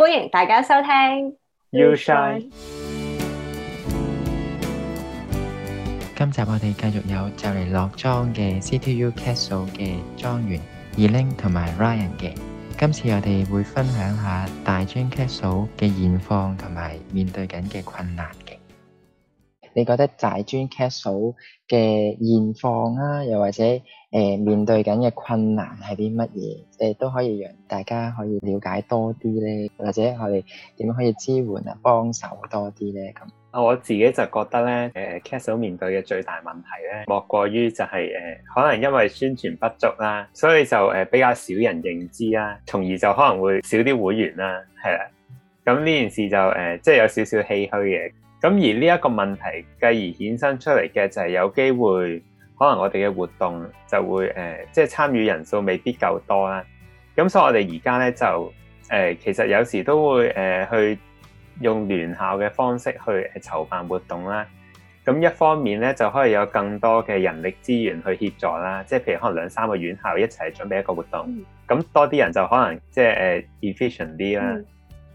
歡迎大家收聽。You Shine。今集我哋繼續有就嚟落莊嘅 CTU Castle 嘅莊園，Elink 同埋 Ryan 嘅。今次我哋會分享下大專 Castle 嘅現況同埋面對緊嘅困難。你覺得債尊 castle 嘅現況啊，又或者誒、呃、面對緊嘅困難係啲乜嘢？誒、呃、都可以讓大家可以了解多啲咧，或者我哋點樣可以支援啊、幫手多啲咧咁。我自己就覺得咧，誒、呃、castle 面對嘅最大問題咧，莫過於就係、是、誒、呃、可能因為宣傳不足啦，所以就誒、呃、比較少人認知啦，從而就可能會少啲會員啦，係啦。咁呢件事就誒、呃、即係有少少唏噓嘅。咁而呢一個問題繼而衍生出嚟嘅就係有機會可能我哋嘅活動就會誒、呃，即係參與人數未必夠多啦。咁所以我哋而家咧就誒、呃，其實有時都會誒、呃、去用聯校嘅方式去、呃、籌辦活動啦。咁一方面咧就可以有更多嘅人力資源去協助啦。即係譬如可能兩三個院校一齊準備一個活動，咁、嗯、多啲人就可能即係誒、呃、efficient 啲啦。嗯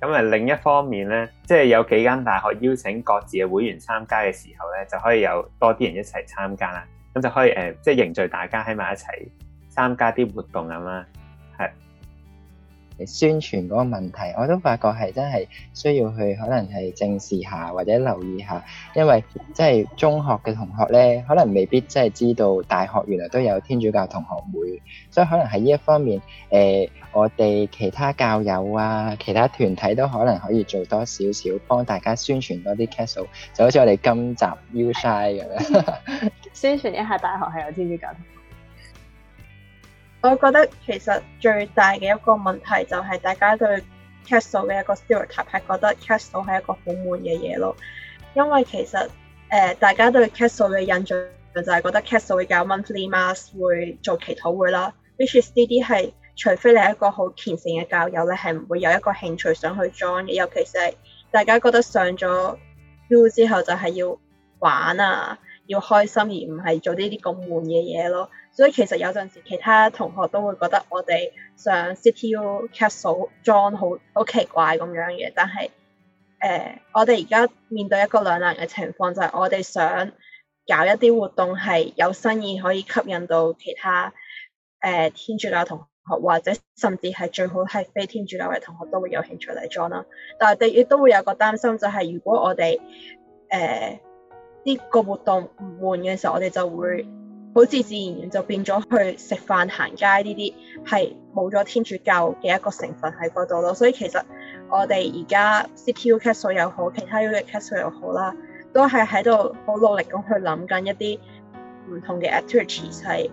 咁啊、嗯、另一方面呢，即係有幾間大學邀請各自嘅會員參加嘅時候呢，就可以有多啲人一齊參加啦。咁就可以誒、呃，即係凝聚大家喺埋一齊參加啲活動咁啦，係。宣傳嗰個問題，我都發覺係真係需要去可能係正視下或者留意下，因為即係中學嘅同學咧，可能未必真係知道大學原來都有天主教同學會，所以可能喺呢一方面，誒、呃、我哋其他教友啊，其他團體都可能可以做多少少，幫大家宣傳多啲 case 就好似我哋今集 U Shine 咁樣， 宣傳一下大學係有天主教。我覺得其實最大嘅一個問題就係大家對 castle 嘅一個 stereotype 係覺得 castle 係一個好悶嘅嘢咯，因為其實誒、呃、大家都對 castle 嘅印象就係覺得 castle 會搞 monthly mass 會做祈禱會啦，which is 呢啲係除非你係一個好虔誠嘅教友咧，係唔會有一個興趣想去 join 嘅，尤其是係大家覺得上咗 U 之後就係要玩啊。要開心而唔係做呢啲咁悶嘅嘢咯，所以其實有陣時其他同學都會覺得我哋上 CTU Castle join 好好奇怪咁樣嘅。但係誒、呃、我哋而家面對一個兩難嘅情況就係、是、我哋想搞一啲活動係有生意可以吸引到其他誒、呃、天主教同學或者甚至係最好係非天主教嘅同學都會有興趣嚟 join 啦，但係亦都會有個擔心就係、是、如果我哋誒、呃呢個活動唔換嘅時候，我哋就會好似自然而然就變咗去食飯、行街呢啲，係冇咗天主教嘅一個成分喺嗰度咯。所以其實我哋而家 CPU 卡數又好，其他 U 嘅卡數又好啦，都係喺度好努力咁去諗緊一啲唔同嘅 activities 係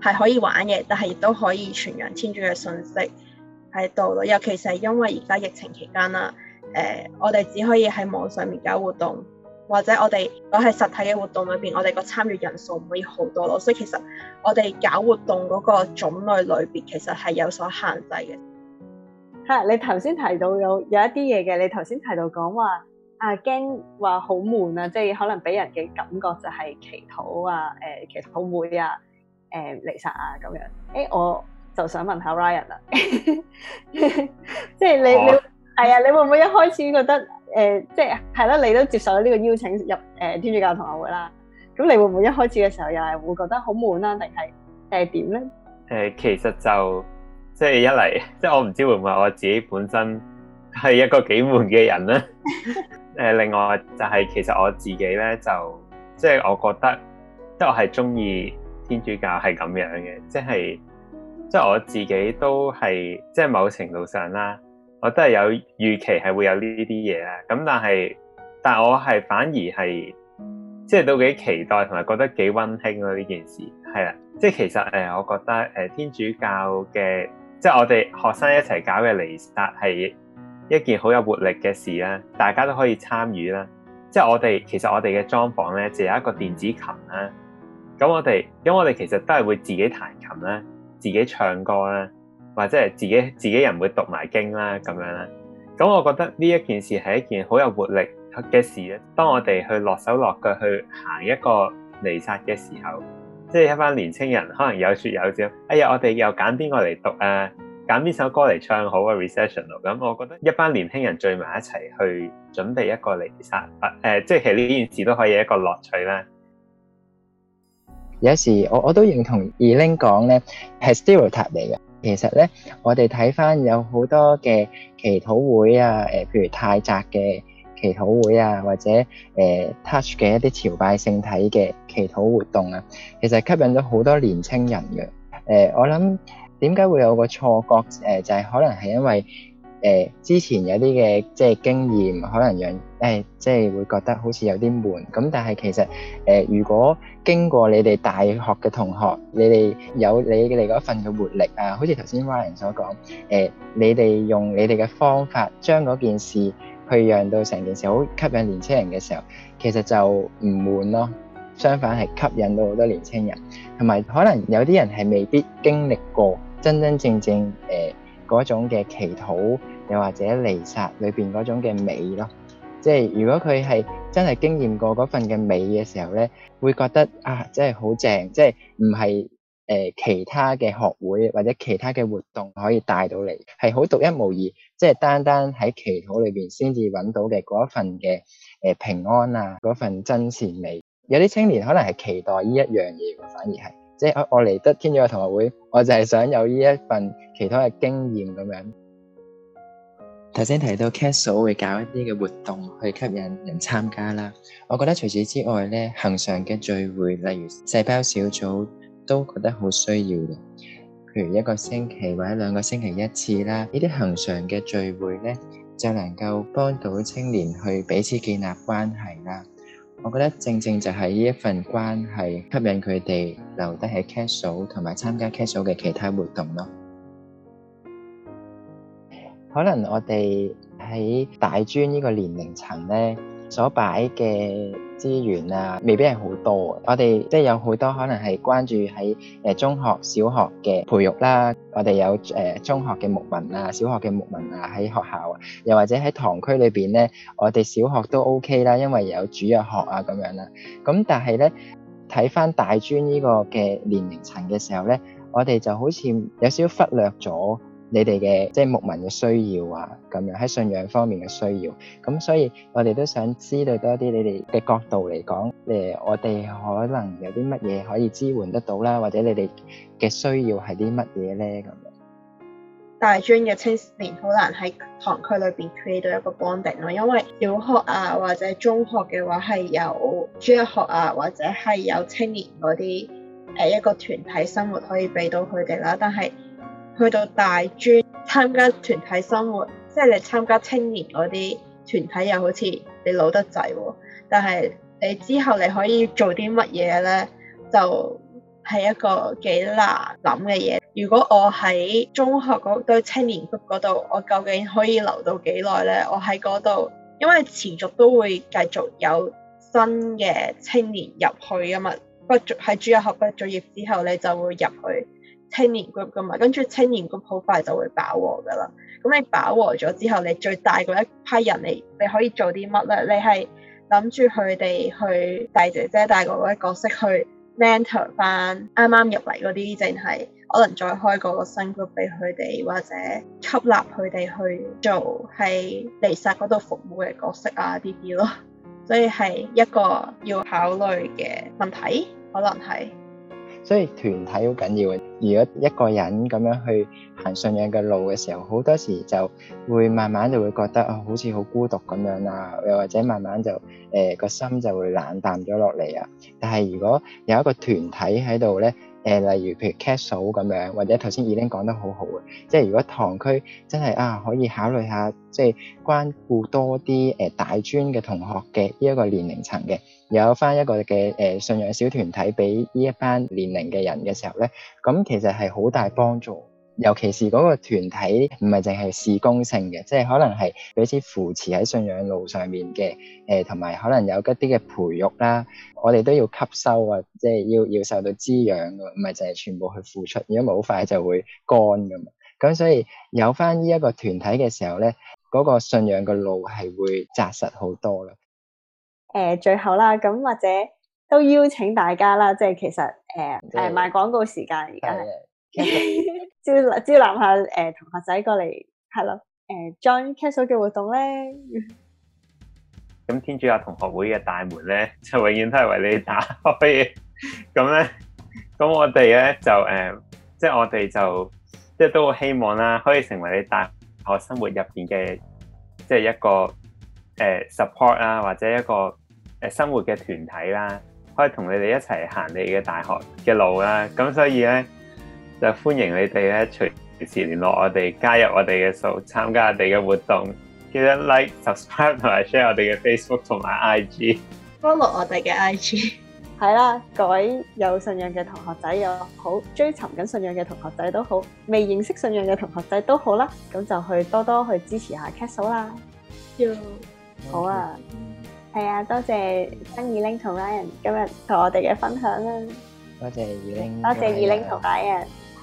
係可以玩嘅，但係亦都可以傳揚天主嘅信息喺度咯。尤其是因為而家疫情期間啦，誒、呃，我哋只可以喺網上面搞活動。或者我哋我喺實體嘅活動裏邊，我哋個參與人數唔可以好多咯，所以其實我哋搞活動嗰個種類裏邊，其實係有所限制嘅。吓，你頭先提到有有一啲嘢嘅，你頭先提到講話啊驚話好悶啊，悶即係可能俾人嘅感覺就係祈禱啊，誒、呃、祈禱會啊，誒離散啊咁樣。誒，我就想問，問下 Ryan 啦， 即係你你係啊，你會唔會一開始覺得？誒、呃，即係係啦，你都接受咗呢個邀請入誒、呃、天主教同學會啦。咁你會唔會一開始嘅時候又係會覺得好悶啦、啊，定係定係點咧？誒、呃，其實就即係一嚟，即係我唔知會唔會我自己本身係一個幾悶嘅人咧。誒， 另外就係其實我自己咧，就即係我覺得，即係我係中意天主教係咁樣嘅，即係即係我自己都係，即係某程度上啦。我都係有預期係會有呢啲嘢啦，咁但係，但係我係反而係即係都幾期待同埋覺得幾溫馨咯、啊、呢件事，係啦，即係其實誒、呃，我覺得誒、呃、天主教嘅即係我哋學生一齊搞嘅彌撒係一件好有活力嘅事啦，大家都可以參與啦。即係我哋其實我哋嘅裝潢咧就有一個電子琴啦，咁我哋咁我哋其實都係會自己彈琴啦，自己唱歌啦。或者係自己自己人會讀埋經啦咁樣啦，咁我覺得呢一件事係一件好有活力嘅事。當我哋去落手落腳去行一個彌撒嘅時候，即係一班年青人可能有説有笑。哎呀，我哋又揀邊個嚟讀啊，揀邊首歌嚟唱好啊 recessional 啊。咁、嗯、我覺得一班年輕人聚埋一齊去準備一個彌撒，誒、啊呃，即係呢件事都可以一個樂趣啦。有時我我都認同 Eileen 講咧，係 stereotype 嚟嘅。其實咧，我哋睇翻有好多嘅祈禱會啊，誒，譬如泰澤嘅祈禱會啊，或者誒 touch 嘅一啲朝拜聖體嘅祈禱活動啊，其實吸引咗好多年青人嘅。誒，我諗點解會有個錯覺？誒，就係可能係因為。誒、呃、之前有啲嘅即係經驗，可能讓誒即係會覺得好似有啲悶。咁但係其實誒、呃，如果經過你哋大學嘅同學，你哋有你哋嗰份嘅活力啊，好似頭先 Ryan 所講，誒、呃、你哋用你哋嘅方法將嗰件事去讓到成件事好吸引年青人嘅時候，其實就唔悶咯。相反係吸引到好多年青人，同埋可能有啲人係未必經歷過真真正正誒嗰、呃、種嘅祈禱。又或者彌撒裏邊嗰種嘅美咯，即係如果佢係真係經驗過嗰份嘅美嘅時候咧，會覺得啊，真係好正，即係唔係誒其他嘅學會或者其他嘅活動可以帶到嚟，係好獨一無二，即係單單喺祈禱裏邊先至揾到嘅嗰一份嘅誒、呃、平安啊，嗰份真善美。有啲青年可能係期待呢一樣嘢，反而係即係我嚟得天主教同學會，我就係想有呢一份其他嘅經驗咁樣。頭先提到 Castle 會搞一啲嘅活動去吸引人參加啦，我覺得除此之外咧，恆常嘅聚會，例如細胞小組，都覺得好需要嘅。譬如一個星期或者兩個星期一次啦，呢啲恆常嘅聚會咧，就能夠幫到青年去彼此建立關係啦。我覺得正正就係呢一份關係吸引佢哋留得喺 Castle 同埋參加 Castle 嘅其他活動咯。可能我哋喺大專呢個年齡層呢所擺嘅資源啊，未必係好多。我哋即係有好多可能係關注喺誒、呃、中學、小學嘅培育啦。我哋有誒、呃、中學嘅牧民啊，小學嘅牧民啊喺學校，啊，又或者喺堂區裏邊呢。我哋小學都 OK 啦，因為有主日學啊咁樣啦、啊。咁但係呢，睇返大專呢個嘅年齡層嘅時候呢，我哋就好似有少少忽略咗。你哋嘅即係牧民嘅需要啊，咁樣喺信仰方面嘅需要，咁所以我哋都想知道多啲你哋嘅角度嚟講，誒，我哋可能有啲乜嘢可以支援得到啦，或者你哋嘅需要係啲乜嘢咧？咁樣大專嘅青年好難喺堂區裏邊 create 到一個 bonding 啊，因為小學啊或者中學嘅話，係有專業學啊或者係有青年嗰啲誒一個團體生活可以俾到佢哋啦，但係。去到大專參加團體生活，即係你參加青年嗰啲團體又好似你老得滯喎。但係你之後你可以做啲乜嘢呢？就係一個幾難諗嘅嘢。如果我喺中學嗰堆青年 group 嗰度，我究竟可以留到幾耐呢？我喺嗰度，因為持續都會繼續有新嘅青年入去啊嘛。不在喺主日學畢咗業之後，你就會入去。青年 group 㗎嘛，跟住青年 group 好快就會飽和㗎啦。咁你飽和咗之後，你最大嗰一批人，你你可以做啲乜咧？你係諗住佢哋去大姐姐大哥哥嗰個角色去 mentor 返啱啱入嚟嗰啲，定係可能再開個新 group 俾佢哋，或者吸納佢哋去做喺地散嗰度服務嘅角色啊啲啲咯。所以係一個要考慮嘅問題，可能係。所以團體好緊要嘅。如果一個人咁樣去行信仰嘅路嘅時候，好多時就會慢慢就會覺得啊、哦，好似好孤獨咁樣啊，又或者慢慢就誒個、呃、心就會冷淡咗落嚟啊。但係如果有一個團體喺度咧，誒、呃，例如譬如 c a s 咁樣，或者頭先已 i l 講得好好嘅，即係如果堂區真係啊，可以考慮下，即係關顧多啲誒、呃、大專嘅同學嘅呢一個年齡層嘅，有翻一個嘅誒信仰小團體俾呢一班年齡嘅人嘅時候咧，咁其實係好大幫助。尤其是嗰個團體唔係淨係事工性嘅，即係可能係彼此扶持喺信仰路上面嘅，誒同埋可能有一啲嘅培育啦，我哋都要吸收啊，即係要要受到滋養啊，唔係淨係全部去付出，如果唔係好快就會乾㗎嘛。咁所以有返呢一個團體嘅時候咧，嗰、那個信仰嘅路係會紮實好多啦。誒、呃，最後啦，咁或者都邀請大家啦，即係其實誒誒、呃呃、賣廣告時間而家、就是。 招招攬下誒、呃、同學仔過嚟係咯，誒 join、呃、Castle 嘅活動咧。咁天主教同學會嘅大門咧，就永遠都係爲你打開嘅。咁 咧，咁我哋咧就誒、呃，即係我哋就即係都好希望啦，可以成為你大學生活入邊嘅，即、就、係、是、一個誒、呃、support 啦，或者一個誒生活嘅團體啦，可以同你哋一齊行你嘅大學嘅路啦。咁、嗯、所以咧。就歡迎你哋咧，隨時聯絡我哋，加入我哋嘅數，參加我哋嘅活動，記得 like、subscribe 同埋 share 我哋嘅 Facebook 同埋 IG，follow 我哋嘅 IG。係啦， 各位有信仰嘅同學仔又好，追尋緊信仰嘅同學仔都好，未認識信仰嘅同學仔都好啦，咁就去多多去支持下 Castle 啦。要 Yo. 好啊，係啊 Okay.，多謝曾二玲同 Ryan 今日同我哋嘅分享啦、啊。多謝二玲，多謝二玲同 Ryan。